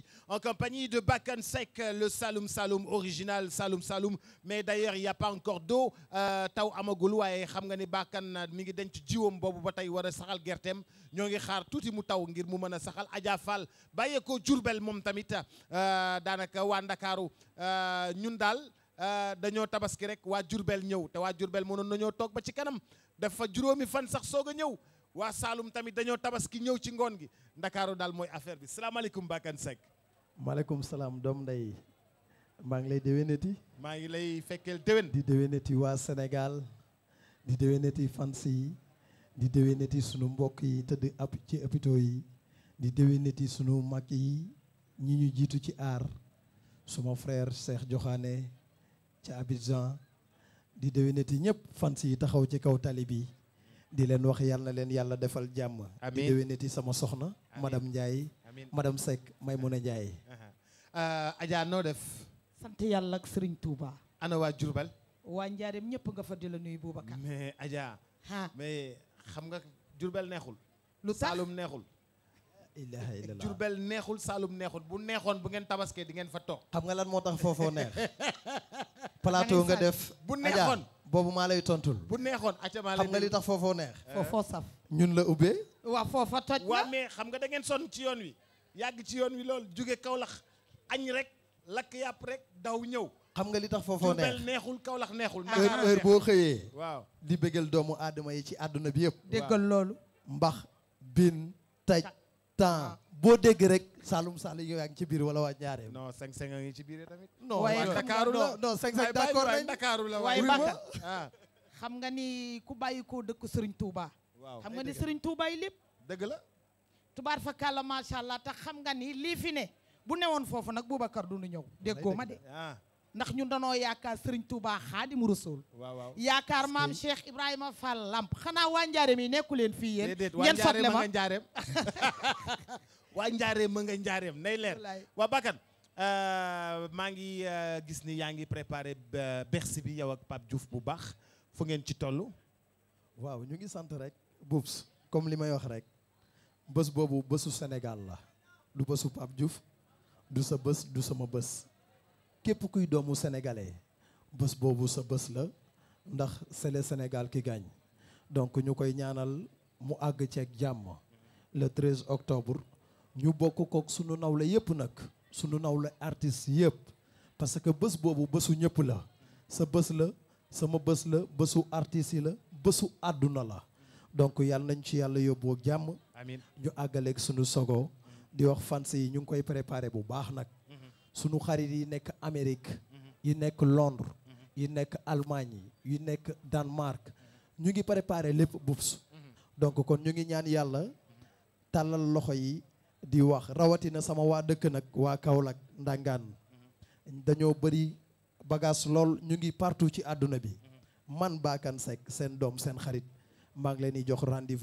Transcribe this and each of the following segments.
aujourd'hui en compagnie de bakkan Sek, le Saloum Saloum original, salum Saloum. Mais d'ailleurs, il n'y a pas encore euh, Taw amagul waaye xam nga ne Bakan euh, mi ngi denc jiwam boobu ba tey war a saxal gertem ñoo ngi xaar tuuti mu taw ngir mu mën a saxal Adja Fall bàyyeekoo Jurbel moom tamit euh, daanaka waa Ndakaaru ñun daal dañoo tabaski rek waa Jurbel ñëw te waa Jurbel mënoon nañoo toog ba ci kanam dafa juróomi fan sax soog a ñëw. waa Saalum tamit dañoo tabaski ñëw ci ngoon gi ndakaaru daal mooy affaire bi salaamaaleykum Bakane Seck. maaleykum salaam doom nday maa ngi lay déwénati. maa ngi lay fekkeel déwén. di déwénati waa Sénégal di déwénati fans yi di déwénati sunu mbokk yi tëdd ab ci hôpitaux yi di déwénati sunu mag yi ñi ñu jiitu ci aar suma frère Cheikh Joxaane ca Abidjan di déwénati ñëpp fans yi taxaw ci kaw tali bi. di leen wax yal na leen yàlla defal jàmm. amiin di déwéniti sama soxna. madame Ndiaye. madame Seck Maymuna Ndiaye. Uh-huh. Uh, Adja noo def. sant yàlla ak sëriñ Touba. ana waa Diourbel. waa Njaareem ñëpp nga fa di la nuyu Boubacar. mais Adja. mais xam nga Diourbel neexul. lu tax Saalum neexul. ilaha illallah Diourbel neexul Saalum neexul bu neexoon bu ngeen tabaskee di ngeen fa toog. xam nga lan moo tax foofoo neex. plateau nga def bu neexoon. boobu maa lay tontul. bu neexoon acca nga li tax foofoo neex. Eh. foofoo saf. ñun la ubbee. waa foofa toj waa waaw mais xam nga da ngeen sonn ci yoon wi. yàgg ci yoon wi lool jóge Kaolack añ rek lakk yàpp rek daw ñëw. xam nga li tax foofoo neexul Kaolack neexul. Ah, heure ah, ah. boo xëyee. waaw di béggal doomu aadama yi ci àdduna bi yëpp. déggal loolu. mbax bin taj temps. boo dégg rek Saloum Sall yow yaa ngi ci biir wala waa Ndiarème. non 5-5 a ngi ci biir tamit. non waaye Ndakaaru la non 5-5 d'accord la waaye Bakka ah. xam nga ni ku bàyyi koo dëkk sëriñ Touba. waaw xam nga ni sëriñ Touba yi lépp. dëgg la. tubaar fa kàlla macha allah tax xam nga ni lii fi ne bu newoon foofu nag Boubacar du ñëw déggoo ma de. Ah. ndax ñu danoo yaakaar Serigne Touba Xaadimu Rasuul. waaw waaw yaakaar maam Cheikh Ibrahima Fall làmp xanaa waa Ndiarème yi nekku leen fii yéen. déedéet ngeen sotle ma. waa njaareem ma nga njaareem nay leer waa Bakkan euh, maa ngi euh, gis ni yaa ngi prépare euh, Bercy bi yow ak Pape Diouf bu baax fu ngeen ci toll waaw ñu ngi sant rek Boubs comme li may wax rek bës boobu bësu Sénégal la du bësu Pape juuf du sa bés du sama bës képp kuy doomu sénégalais bës boobu sa bés la ndax sele Sénégal qui gagne donc ñu koy ñaanal mu àgg ceeg jàmm le 13 octobre ñu bokk kook sunu nawle yëpp nag sunu nawle artistes yëpp parce que bés boobu bésu ñëpp la sa bés la sama bés la bésu artistes yi la bésu àdduna la donc yàlla nañ ci yàlla yóbboo jàmm amiin ñu àggaleeg sunu sogo di wax fans yi ñu ngi koy préparé bu baax nag mhm. sunu xarit yi nekk Amérique mhm. yi nekk Londres mhm. yi nekk Allemagne yi nekk Danemark ñu ngi préparé lépp bubs donc kon ñu ngi ñaan yàlla tàllal loxo yi di wax rawatina sama waa dëkk nag waa Kaolack ndàngaan dañoo bëri bagage lool ñu ngi partout ci àdduna bi man Bakane Seck seen doom seen xarit maa ngi leen di jox rendez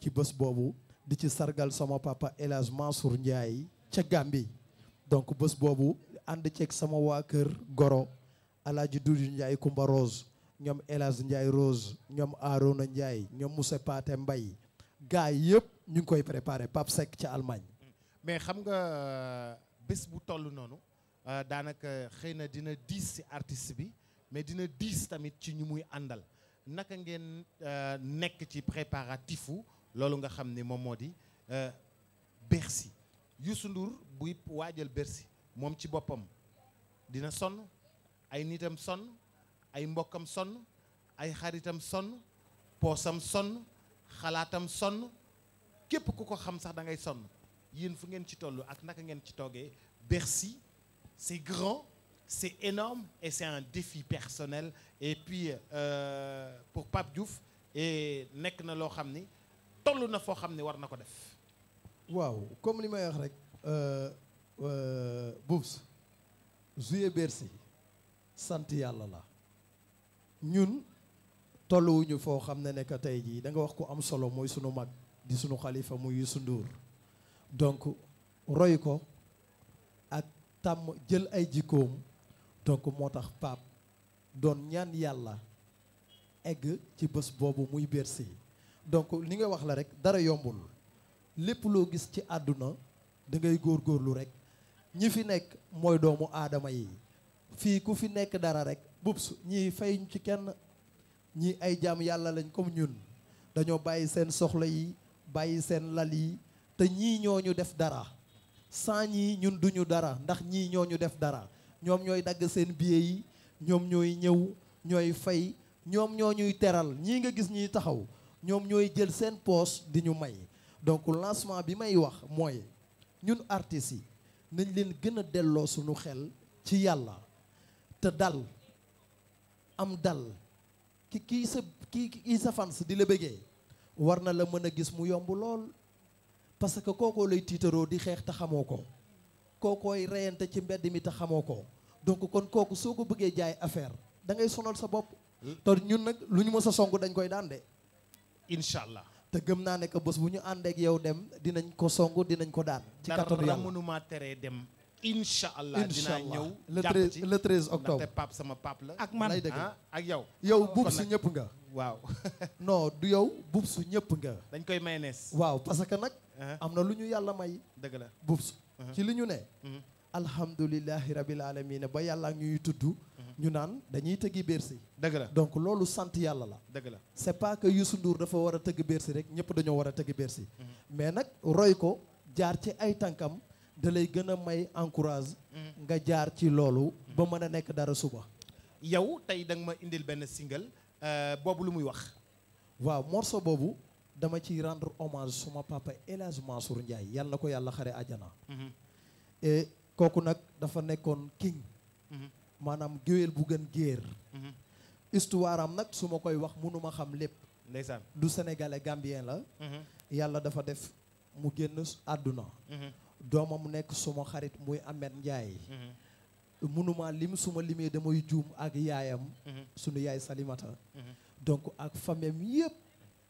ci bés boobu di ci sargal sama papa El Hadj Mansour Ndiaye ca Gambie donc bés boobu ànd ceeg sama waa kër Goro El Hadj Doudou Ndiaye Kumba Rose ñoom El Hadj Ndiaye Rose ñoom Arona Ndiaye ñoom Moussa Pathé Mbaye gaa yëpp ñu ngi koy préparé Pape Seck ca Allemagne. mais xam nga euh, bés bu toll noonu euh, daanaka xëy na dina diis ci artiste bi mais dina diis tamit ci ñu muy àndal naka ngeen euh, nekk ci préparatifu loolu nga xam ni moom moo di Bercy Youssou Ndour buy waajal Bercy moom ci boppam dina sonn ay nitam sonn ay mbokkam sonn ay xaritam sonn poosam sonn xalaatam sonn képp ku ko xam sax da ngay sonn yéen fu ngeen ci tollu ak naka ngeen ci toogee Bercy c'est grand c'est énorme et c'est un défi personnel et puis euh, pour Pape Diouf nekk na loo xam ni toll na foo xam ni war na ko def waaw comme li may wax rek euh, euh, Boubs jouer Bercy sant yàlla la ñun tolluwuñu foo xam ne nekk tey jii da nga wax ku am solo mooy sunu mag di suñu xalifa mu Youssou donc roy ko ak tàmm jël ay jikkoom donc moo tax Pape doon ñaan yàlla egg ci bés boobu muy Bercy donc li nga wax la rek dara yombul lépp loo gis ci àdduna da ngay góorlu rekk ñi fi nekk mooy doomu aadama yi fii ku fi nekk dara rek bubs ñii fayuñ ci kenn ñii ay jaam yàlla lañ comme ñun dañoo bàyyi seen soxla yi bàyyi seen lal yi te ñii ñoo ñu def dara sans ñii ñun duñu dara ndax ñii ñoo ñu def dara ñoom ñooy dagg seen billet yi ñoom ñooy ñëw ñooy fay ñoom ñoo ñuy teral ñii nga gis ñuy taxaw ñoom ñooy jël seen poche di ñu may donc lancement bi may wax mooy ñun artistes yi nañ leen gën a delloo suñu xel ci yàlla te dal am dal ki kii sa kii sa fans di la bëggee war na la mën a gis mu yomb lool parce que kookoo lay tiitaroo di xeex te xamoo ko kookooy reyante ci mbedd mi te xamoo ko donc kon kooku soo ko bëggee jaay affaire dangay ngay sa bopp te ñun nag lu ñu mës a song dañ koy daan de incha allah te gëm naa ne que bés bu ñu àndeek yow dem dinañ ko song dinañ ko daan ci kattanu yàlla mënuma teree dem incha allah dinaa ñëw jàpp ci le 13 octobre ndaxte pape sama pape la. ak man ah, ak yow. yow buub ñëpp nga. waaw non du yow buub su ñëpp nga. dañ koy mayonnaise. waaw parce que nag. Uh-huh. am na lu ñu yàlla may. dëgg la buub su. Uh-huh. ci li ñu ne. Uh-huh. alhamdulilahi rabil alamina ba yàlla ñuy tudd. ñu naan dañuy tëggi Bercy. dëgg la donc loolu sant yàlla la. dëgg la c' est pas que Youssou Ndour dafa war a tëgg Bercy rek ñëpp dañoo war a tëgg Bercy. mais nag roy ko jaar ci ay tànkam. dalay lay gën a may encourage mm-hmm. nga jaar ci loolu ba mën a nekk dara suba yow tey danga ma indil benn single euh, boobu lu muy wax waaw morso boobu dama ci rendre hommage suma papa El Hadj Mansour Ndiaye yàlla na ko yàlla xare àjjana mm-hmm. e kooku nag dafa nekkoon king mm-hmm. maanaam géwél bu gën géer histoire am nag su ma koy wax mënuma xam lépp du sénégalais gambien la yàlla dafa def mu génn àdduna mhm. doomam nekk suma xarit muy Amet Ndiaye mënuma mhm. lim suma limee damay juum ak yaayam mhm. sunu yaay Salimata donc ak famem yëpp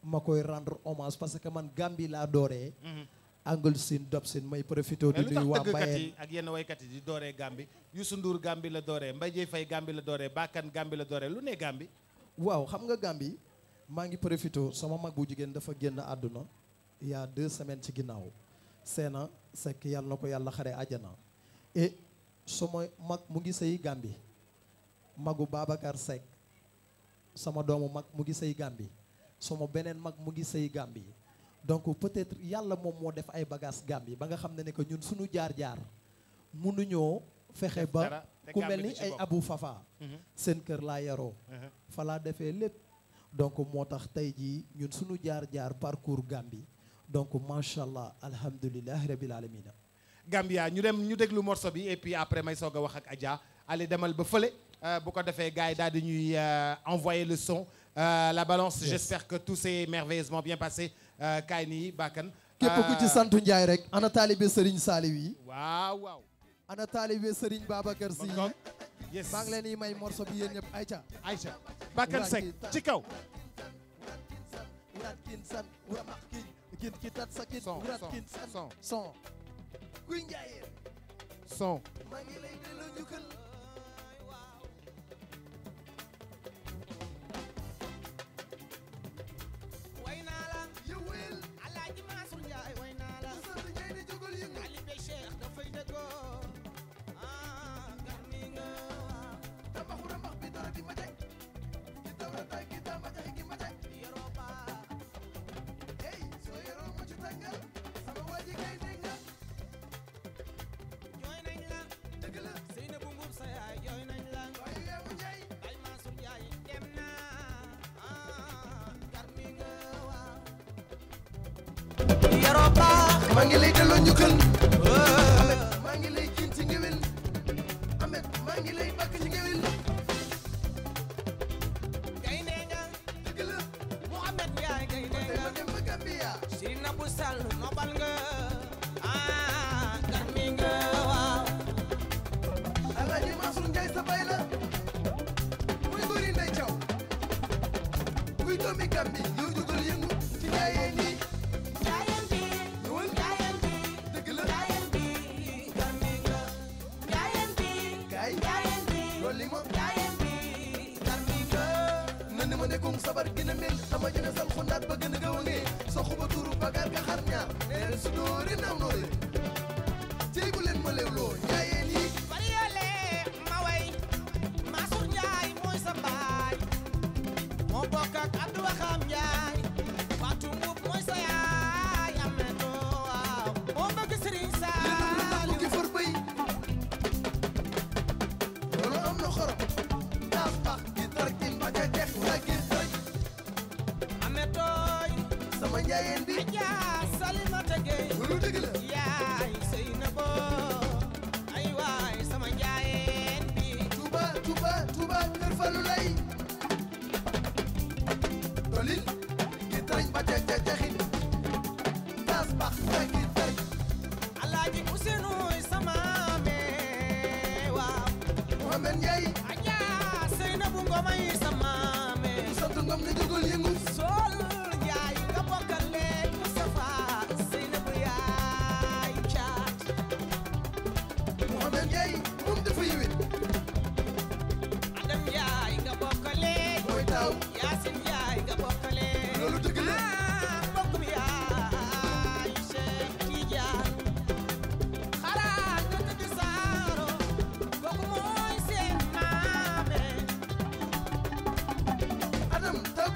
ma koy rendre hommage parce que man gàmbi laa dooree angle sin dob may profité di nuyu waa Mbayeen ak yenn waykat yi di dooree Gambie Youssou Ndour gàmbi la dooree Mbaye fay Faye la dooree Bakane Gambie la dooree lu ne gàmbi waaw xam nga gàmbi maa ngi profité sama mag bu jigéen dafa génn àdduna il a deux semaines ci ginnaaw Seena Seck yàlla ko yàlla xare àjjana et sama mag mu ngi sëy Gàmbi magu Babacar Seck sama doomu mag mu ngi sëy Gàmbi sama beneen mag mu ngi sëy Gàmbi donc peut-être yàlla moom moo def ay bagages Gàmbi ba nga xam ne ne que ñun suñu jaar-jaar mënuñoo fexe ba ku mel ni ay Abou Fafa mhm. seen kër laa yaroo mhm. fa laa defee lépp donc moo tax tey jii ñun suñu jaar-jaar parcours Gàmbi donc macha allah alhamdulilah rabil alamina. Gambia ñu dem ñu déglu morso bi et après may soog a wax ak Adja allez demal ba fële euh, bu ko defee gars yi daal di ñuy euh, envoyer le son euh, la balance j'espère que tout s'est merveilleusement bien passé kaay nii bàkkan képp ci santu Ndiaye rek ana taalibe Serigne Saliou yi waaw waaw ana taalibe Serigne Babacar Sy yes maa ngi leen may morceau bi yéen ñëpp Aïcha Aïcha bàkkan ci kaw gin ki tat sakit rat kin san son kuy njaayeen son maa ngi lay delloo njukkal maa ngi lay delloo njukkal maa ngi lay kiin ci ngéwél maa ngi lay bàkk ci ngéwél gay nee nga dëgg la Mouhamed Ndiaye gay nee nga ma dem ba Gambia si nabu sal nobal nga ah garmi nga waaw Alaaji Mansour Ndiaye sa bay la muy góori Gambi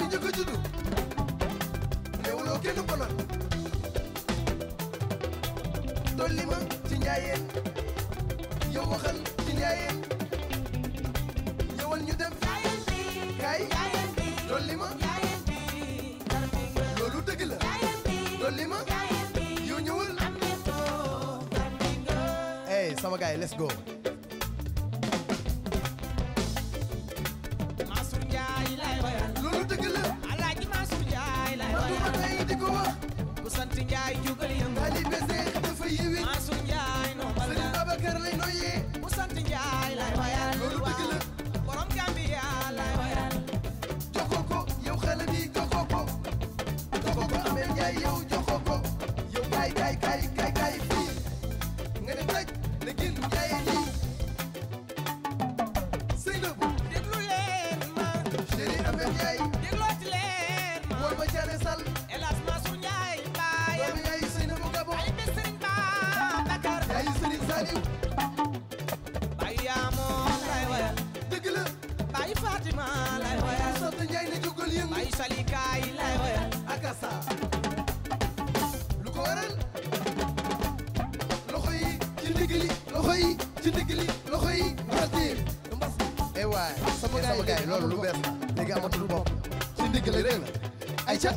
njëkk a juddu léewuloo kenn konoon tolli ma ci njaayeen yow waxal ci njaayeen ñëwal ñu dem kaay tolli ma loolu dëgg la tolli ma yow ñëwal hey sama gars yi les go sant Njaay jugal yëngal. Aliou Bessé dafa yéwén. Mansour Njaay. jógal yëngu ay salikaay lay waya lu ko waral loxo yi ci ndigg li loxo yi ci ndigg li loxo yi martir mbas mi waay lu bees léegi amatul bopp ci ndigg ay ca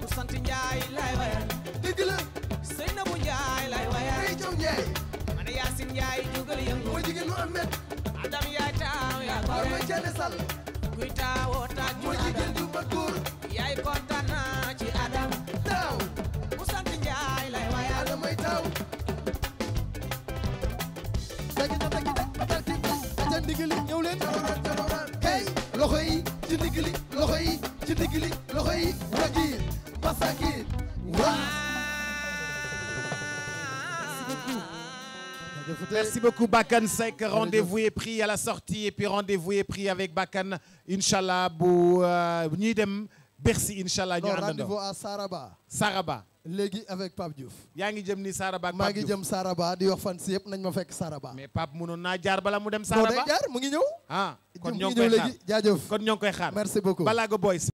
ku sant njaay lay waya dëgg la Seynabu njaay lay waya ay jaw njaay man Yaasin njaay jógal yëngu ma jigéen lu am yaa ko rek jënd sal kuy taawoo taaju mu jigéen ju ma góor yaay kontaan ci adam taaw mu sant lay waaye adamay taaw dagi na dagi na batal ci bas aca ndigili leen jabaraan jabaraan hey loxo yi ci ndigili loxo yi ci Merci beaucoup Bakane Seck rendez-vous est pris la sortie et puis rendez-vous est pris avec Bakane inchallah bu euh, ñuy dem Bercy inchallah ñoo àndandoo rendez-vous à Saraba Saraba léegi avec Pape Diouf yaa ngi jëm ni Saraba ak Pape Diouf maa ngi jëm Saraba di wax fan si yëpp nañ ma fekk Saraba mais Pape mënoon naa jaar bala mu dem Saraba mu ngi ñëw ah kon ñoo ngi koy xaar léegi jaajëf ñoo ngi koy xaar merci beaucoup Balago Boys